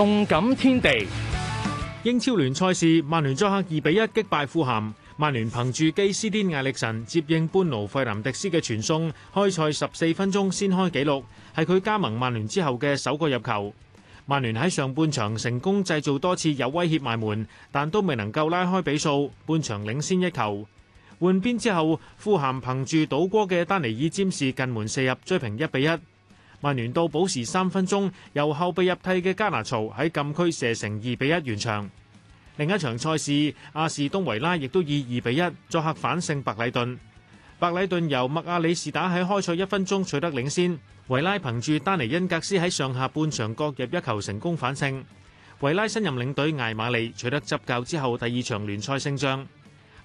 動感天地！英超聯賽事，曼聯作客二比一擊敗富咸。曼聯憑住基斯甸艾歷臣接應班奴費林迪斯嘅傳送，開賽十四分鐘先開紀錄，係佢加盟曼聯之後嘅首個入球。曼聯喺上半場成功製造多次有威脅埋門，但都未能夠拉開比數，半場領先一球。換邊之後，富咸憑住倒戈嘅丹尼爾詹士近門射入追平一比一。曼聯到補時三分鐘，由後備入替嘅加拿曹喺禁區射成二比一完場。另一場賽事，阿士東維拉亦都以二比一作客反勝白禮頓。白禮頓由麥亞里士打喺開賽一分鐘取得領先，維拉憑住丹尼恩格斯喺上下半場各入一球成功反勝。維拉新任領隊艾馬利取得執教之後第二場聯賽勝仗。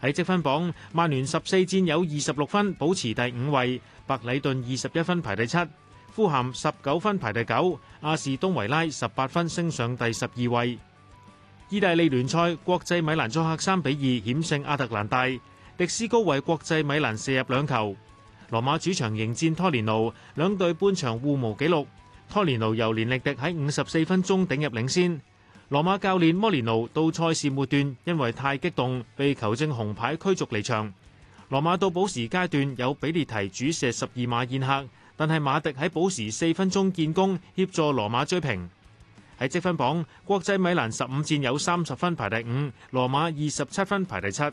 喺積分榜，曼聯十四戰有二十六分，保持第五位；白禮頓二十一分排第七。富咸十九分排第九，阿士東維拉十八分升上第十二位。意大利聯賽國際米蘭作客三比二險勝阿特蘭大，迪斯高為國際米蘭射入兩球。羅馬主場迎戰拖連奴，兩隊半場互無紀錄。拖連奴由連力迪喺五十四分鐘頂入領先。羅馬教練摩連奴到賽事末段因為太激動被球證紅牌驅逐離場。羅馬到補時階段有比利提主射十二碼宴客。但係馬迪喺補時四分鐘建功，協助羅馬追平。喺積分榜，國際米蘭十五戰有三十分排第五，羅馬二十七分排第七。